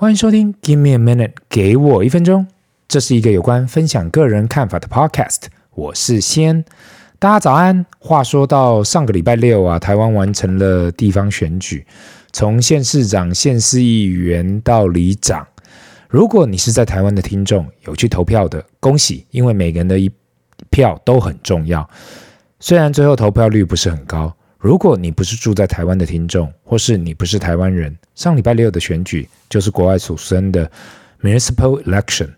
歡迎收聽《Give Me a Minute》，給我一分鐘。這是一個有關分享個人看法的 Podcast。我是先，大家早安。話說到上個禮拜六啊，台灣完成了地方選舉，從縣市長、縣市議員到里長。如果你是在台灣的聽眾，有去投票的，恭喜，因為每個人的一票都很重要。雖然最後投票率不是很高。如果你不是住在台灣的聽眾，或是你不是台灣人，上禮拜六的選舉就是國外俗生的 municipal election。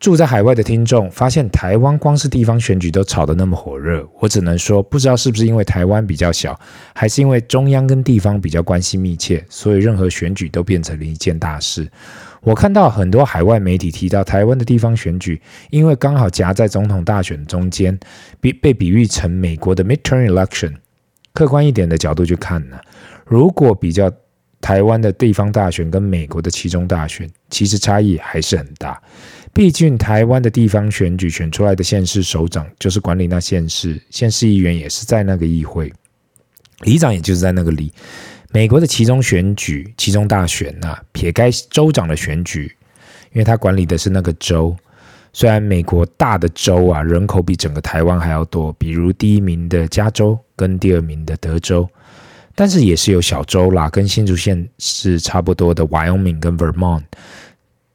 住在海外的聽眾發現，台灣光是地方選舉都吵得那麼火熱，我只能說，不知道是不是因為台灣比較小，還是因為中央跟地方比較關係密切，所以任何選舉都變成了一件大事。我看到很多海外媒體提到台灣的地方選舉，因為剛好夾在總統大選中間，比被比喻成美國的 midterm election。客觀一點的角度去看呢、啊，如果比較台灣的地方大選跟美國的期中大選，其實差異還是很大。畢竟台灣的地方選舉選出來的縣市首長就是管理那縣市，縣市議員也是在那個議會，里長也就是在那個裡。美國的期中選舉、期中大選啊，撇開州長的選舉，因為他管理的是那個州。雖然美國大的州啊，人口比整個台灣還要多，比如第一名的加州跟第二名的德州，但是也是有小州啦，跟新竹縣是差不多的。Wyoming 跟 Vermont，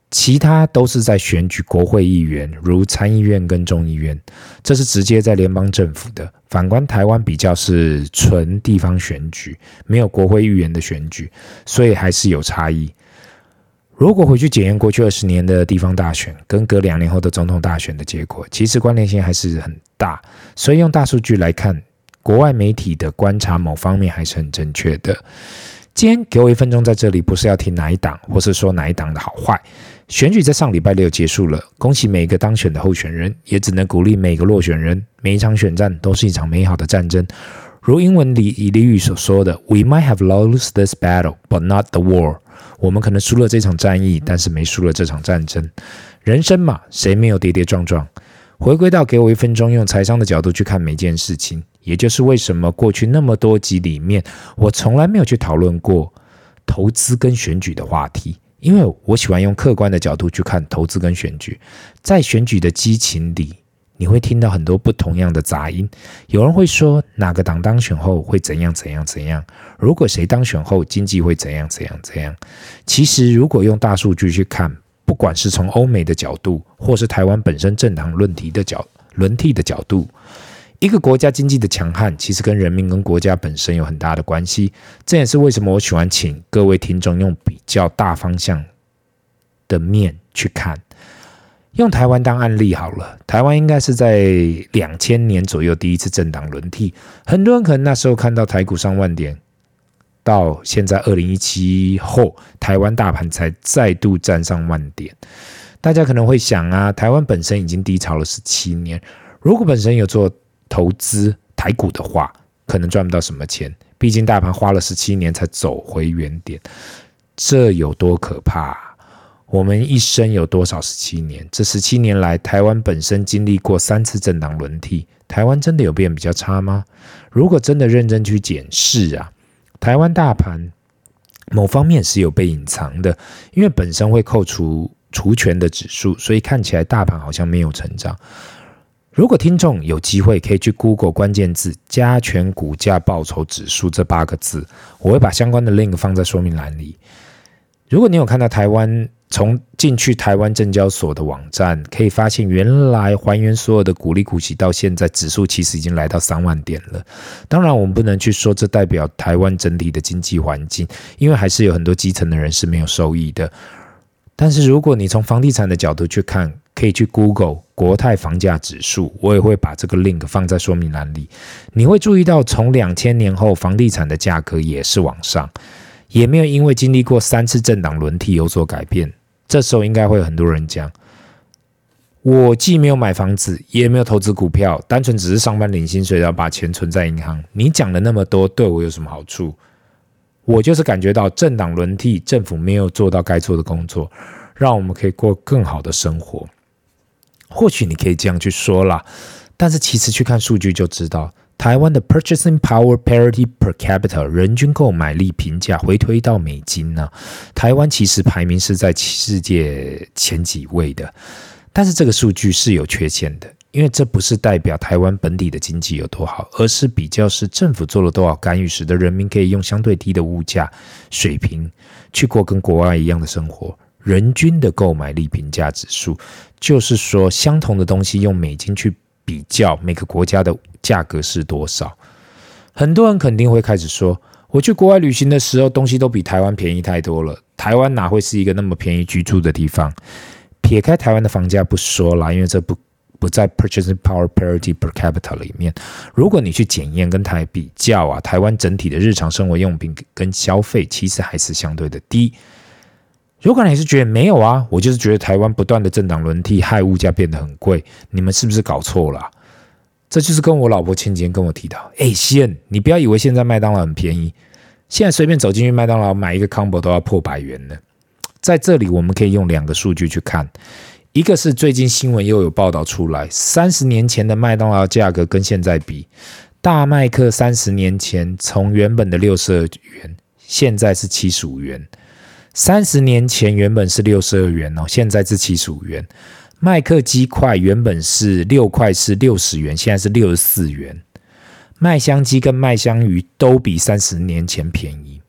其他都是在選舉國會議員，如參議院跟眾議院，這是直接在聯邦政府的。反觀台灣比較是純地方選舉，沒有國會議員的選舉，所以還是有差異。如果回去檢驗過去二十年的地方大選跟隔兩年後的總統大選的結果，其實關聯性還是很大。所以用大數據來看，國外媒體的觀察某方面還是很正確的。今天給我一分鐘在這裡，不是要挺哪一黨，或是說哪一黨的好壞。選舉在上禮拜六結束了，恭喜每一個當選的候選人，也只能鼓勵每個落選人。每一場選戰都是一場美好的戰爭。如英文裡俚語所說的：“We might have lost this battle, but not the war。”我們可能輸了這場戰役，但是沒輸了這場戰爭。人生嘛，誰沒有跌跌撞撞？回歸到給我一分鐘，用財商的角度去看每件事情。也就是為什麼過去那麼多集裡面，我從來沒有去討論過投資跟選舉的話題，因為我喜歡用客觀的角度去看投資跟選舉。在選舉的激情裡。你會聽到很多不同樣的雜音，有人會說哪個黨當選後會怎樣怎樣怎樣。如果誰當選後，經濟會怎樣怎樣怎樣。其實如果用大數據去看，不管是從歐美的角度，或是台灣本身政黨輪替的角輪替的角度，一個國家經濟的強悍，其實跟人民跟國家本身有很大的關係。這也是為什麼我喜歡請各位聽眾用比較大方向的面去看。用台灣當案例好了，台灣應該是在兩千年左右第一次政黨輪替，很多人可能那時候看到台股上萬點，到現在二零一七後，台灣大盤才再度站上萬點。大家可能會想啊，台灣本身已經低潮了十七年，如果本身有做投資台股的話，可能賺不到什麼錢，畢竟大盤花了十七年才走回原點，這有多可怕啊？我們一生有多少十七年？這十七年來，台灣本身經歷過三次政黨輪替。台灣真的有變比較差嗎？如果真的認真去檢視啊，台灣大盤某方面是有被隱藏的，因為本身會扣除除權的指數，所以看起來大盤好像沒有成長。如果聽眾有機會，可以去 Google 關鍵字“加權股價報酬指數”這八個字，我會把相關的 link 放在說明欄裡。如果你有看到台灣從進去台灣證交所的網站，可以發現原來還原所有的股利股息，到現在指數其實已經來到三萬點了。當然，我們不能去說這代表台灣整體的經濟環境，因為還是有很多基層的人是沒有收益的。但是，如果你從房地產的角度去看，可以去 Google 國泰房價指數，我也會把這個 link 放在說明欄裡。你會注意到，從兩千年後，房地產的價格也是往上。也沒有因為經歷過三次政黨輪替有所改變。這時候應該會有很多人講：“我既沒有買房子，也沒有投資股票，單純只是上班領薪水，然後把錢存在銀行。”你講了那麼多，對我有什麼好處？我就是感覺到政黨輪替，政府沒有做到該做的工作，讓我們可以過更好的生活。或許你可以這樣去說啦，但是其實去看數據就知道。台灣的 purchasing power parity per capita 人均購買力平價回推到美金呢、啊？台灣其實排名是在世界前幾位的，但是這個數據是有缺陷的，因為這不是代表台灣本地的經濟有多好，而是比較是政府做了多少干預，使得人民可以用相對低的物價水平去過跟國外一樣的生活。人均的購買力平價指數，就是說相同的東西用美金去。比較每個國家的價格是多少，很多人肯定會開始說，我去國外旅行的時候，東西都比台灣便宜太多了。台灣哪會是一個那麼便宜居住的地方？撇開台灣的房價不說啦，因為這不不在 purchasing power parity per capita 裡面。如果你去檢驗跟台比較啊，台灣整體的日常生活用品跟消費其實還是相對的低。如果你是覺得沒有啊，我就是覺得台灣不斷的政黨輪替，害物價變得很貴。你們是不是搞錯了啊？這就是跟我老婆前幾天跟我提到，哎、欸，西恩，你不要以為現在麥當勞很便宜，現在隨便走進去麥當勞買一個 combo 都要破百元了。在這裡，我們可以用兩個數據去看，一個是最近新聞又有報道出來，三十年前的麥當勞價格跟現在比，大麥克三十年前從原本的六十二元，現在是七十五元。三十年前原本是六十二元哦，現在是七十五元。麥克雞塊原本是六塊是六十元，現在是六十四元。麥香雞跟麥香魚都比三十年前便宜。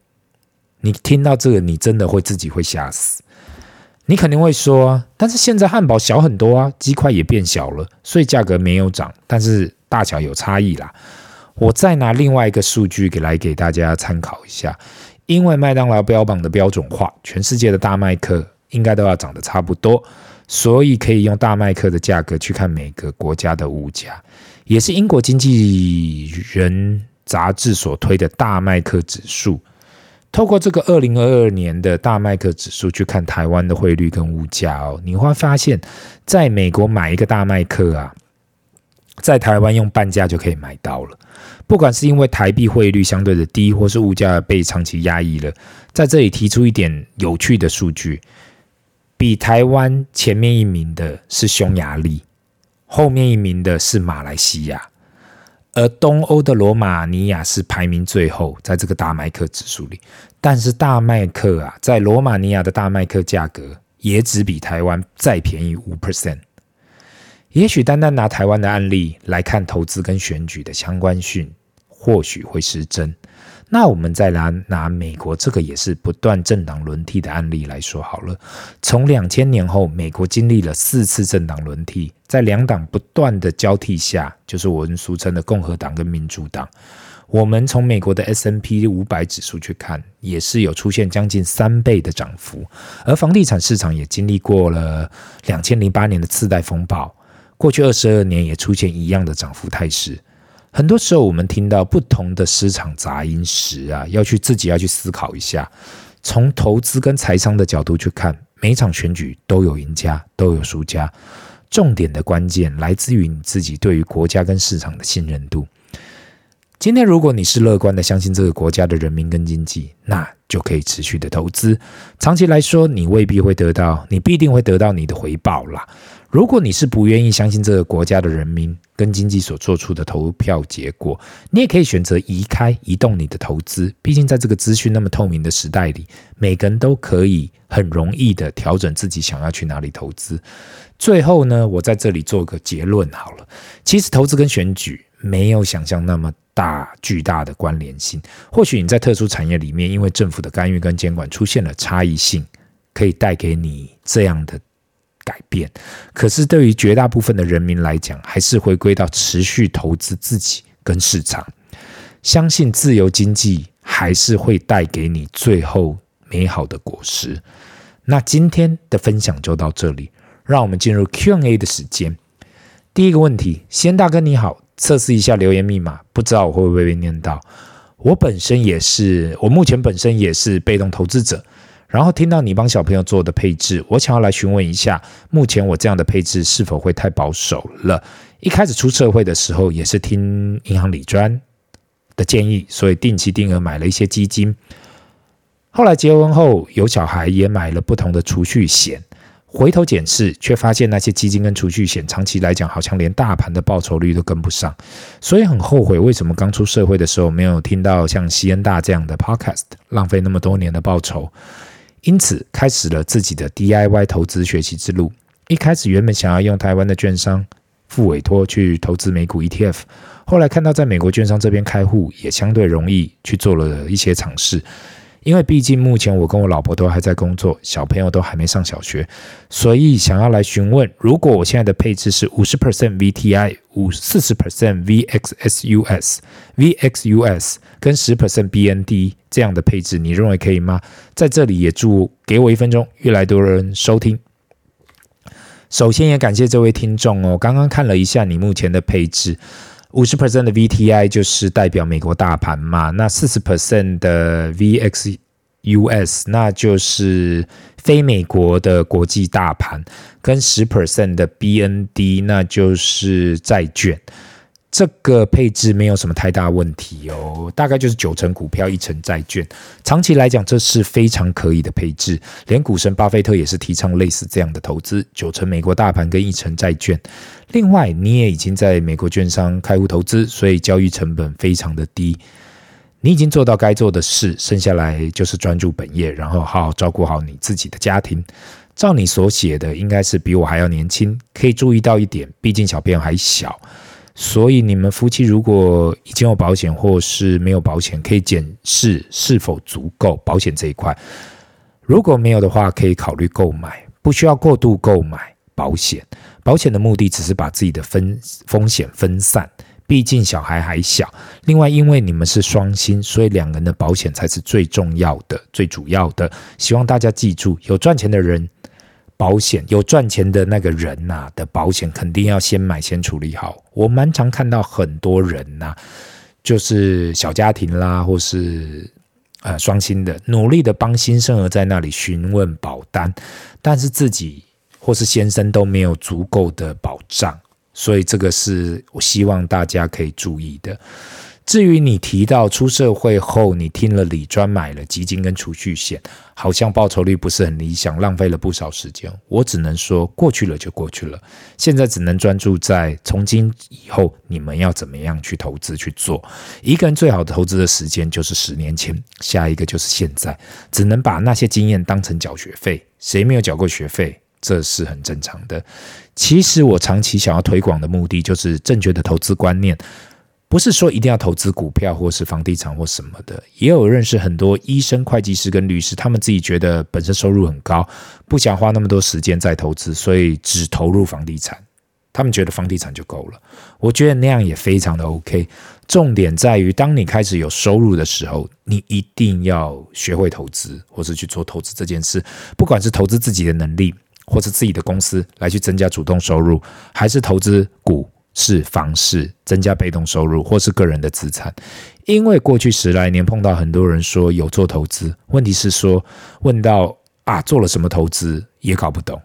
你聽到這個，你真的會自己會嚇死。你肯定會說，但是現在漢堡小很多啊，雞塊也變小了，所以價格沒有漲，但是大小有差異啦。我再拿另外一個數據給來給大家參考一下。因為麥當勞標榜的標準化，全世界的大麥克應該都要長得差不多，所以可以用大麥克的價格去看每個國家的物價，也是英國經濟人雜誌所推的大麥克指數。透過這個二零二二年的大麥克指數去看台灣的匯率跟物價哦，你會發現在美國買一個大麥克啊。在台灣用半價就可以買到了，不管是因為台幣匯率相對的低，或是物價被長期壓抑了。在這裡提出一點有趣的數據，比台灣前面一名的是匈牙利，後面一名的是馬來西亞，而東歐的羅馬尼亞是排名最後，在這個大麥克指數裡。但是大麥克啊，在羅馬尼亞的大麥克價格也只比台灣再便宜五 percent。也許單單拿台灣的案例來看投資跟選舉的相關性，或許會失真。那我們再拿拿美國這個也是不斷政黨輪替的案例來說好了。從兩千年後，美國經歷了四次政黨輪替，在兩黨不斷的交替下，就是我們俗稱的共和黨跟民主黨。我們從美國的 S&P 五百指數去看，也是有出現將近三倍的漲幅，而房地產市場也經歷過了兩千零八年的次貸風暴。過去二十二年也出現一樣的漲幅態勢。很多時候，我們聽到不同的市場雜音時啊，要去自己要去思考一下。從投資跟財商的角度去看，每一場選舉都有贏家，都有輸家。重點的關鍵來自於你自己對於國家跟市場的信任度。今天，如果你是樂觀的相信這個國家的人民跟經濟，那就可以持續的投資。長期來說，你未必會得到，你必定會得到你的回報啦。如果你是不願意相信這個國家的人民跟經濟所做出的投票結果，你也可以選擇移開、移動你的投資。畢竟，在這個資訊那麼透明的時代裡，每個人都可以很容易的調整自己想要去哪裡投資。最後呢，我在這裡做個結論好了。其實，投資跟選舉沒有想象那麼大巨大的關聯性，或許你在特殊產業裡面，因為政府的干預跟監管出現了差異性，可以帶給你這樣的改變。可是對於絕大部分的人民來講，還是回歸到持續投資自己跟市場，相信自由經濟還是會帶給你最後美好的果實。那今天的分享就到這裡，讓我們進入 Q&A 的時間。第一個問題，賢大哥你好。測試一下留言密碼，不知道我會不會被念到。我本身也是，我目前本身也是被動投資者。然後聽到你幫小朋友做的配置，我想要來詢問一下，目前我這樣的配置是否會太保守了？一開始出社會的時候也是聽銀行理專的建議，所以定期定額買了一些基金。後來結婚後有小孩，也買了不同的儲蓄險。回頭檢視，卻發現那些基金跟儲蓄險，長期來講好像連大盤的報酬率都跟不上，所以很後悔為什麼剛出社會的時候沒有聽到像西恩大這樣的 podcast，浪費那麼多年的報酬。因此，開始了自己的 DIY 投資學習之路。一開始原本想要用台灣的券商複委託去投資美股 ETF，後來看到在美國券商這邊開戶也相對容易，去做了一些嘗試。因為畢竟目前我跟我老婆都還在工作，小朋友都還沒上小學，所以想要來詢問，如果我現在的配置是五十 percent VTI 五四十 percent VXSUS VXUS 跟十 percent BND 這樣的配置，你認為可以嗎？在這裡也祝給我一分鐘，越來越多人收聽。首先也感謝這位聽眾哦，我剛剛看了一下你目前的配置。五十 percent 的 VTI 就是代表美國大盤嘛，那四十 percent 的 VXUS 那就是非美國的國際大盤，跟十 percent 的 BND 那就是債券。這個配置沒有什麼太大問題哦，大概就是九成股票，一成債券。長期來講，這是非常可以的配置。連股神巴菲特也是提倡類似這樣的投資，九成美國大盤跟一成債券。另外，你也已經在美國券商開戶投資，所以交易成本非常的低。你已經做到該做的事，剩下來就是專注本業，然後好好照顧好你自己的家庭。照你所寫的，應該是比我還要年輕。可以注意到一點，畢竟小朋友還小。所以你們夫妻如果已經有保險或是沒有保險，可以檢視是否足夠保險這一塊。如果沒有的話，可以考慮購買，不需要過度購買保險。保險的目的只是把自己的分風險分散，畢竟小孩還小。另外，因為你們是雙薪，所以兩個人的保險才是最重要的、最主要的。希望大家記住，有賺錢的人，保險有賺錢的那個人吶、啊、的保險，肯定要先買先處理好。我蠻常看到很多人吶、啊，就是小家庭啦，或是呃雙薪的，努力的幫新生兒在那裡詢問保單，但是自己或是先生都沒有足夠的保障，所以這個是我希望大家可以注意的。至於你提到出社會後，你聽了理專買了基金跟儲蓄險，好像報酬率不是很理想，浪費了不少時間。我只能說過去了就過去了，現在只能專注在從今以後你們要怎麼樣去投資去做。一個人最好的投資的時間就是十年前，下一個就是現在，只能把那些經驗當成繳學費。誰沒有繳過學費？這是很正常的。其實我長期想要推廣的目的，就是正確的投資觀念。不是說一定要投資股票或是房地產或什麼的，也有認識很多醫生、會計師跟律師，他們自己覺得本身收入很高，不想花那麼多時間在投資，所以只投入房地產。他們覺得房地產就夠了。我覺得那樣也非常的 OK。重點在於，當你開始有收入的時候，你一定要學會投資，或是去做投資這件事。不管是投資自己的能力，或是自己的公司來去增加主動收入，還是投資股。是房市增加被動收入，或是個人的資產。因為過去十來年碰到很多人說有做投資，問題是說，問到啊做了什麼投資也搞不懂，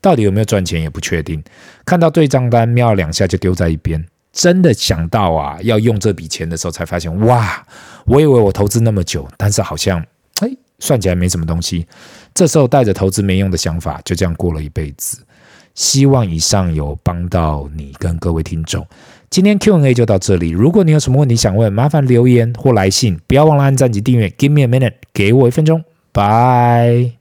到底有沒有賺錢也不確定。看到對賬單瞄兩下就丟在一邊，真的想到啊要用這筆錢的時候才發現哇，我以為我投資那麼久，但是好像哎算起來沒什麼東西。這時候帶着投資沒用的想法，就這樣過了一輩子。希望以上有幫到你跟各位聽眾。今天 Q&A 就到這裡。如果你有什麼問題想問，麻煩留言或來信。不要忘了按贊及訂閱。Give me a minute，給我一分鐘。拜。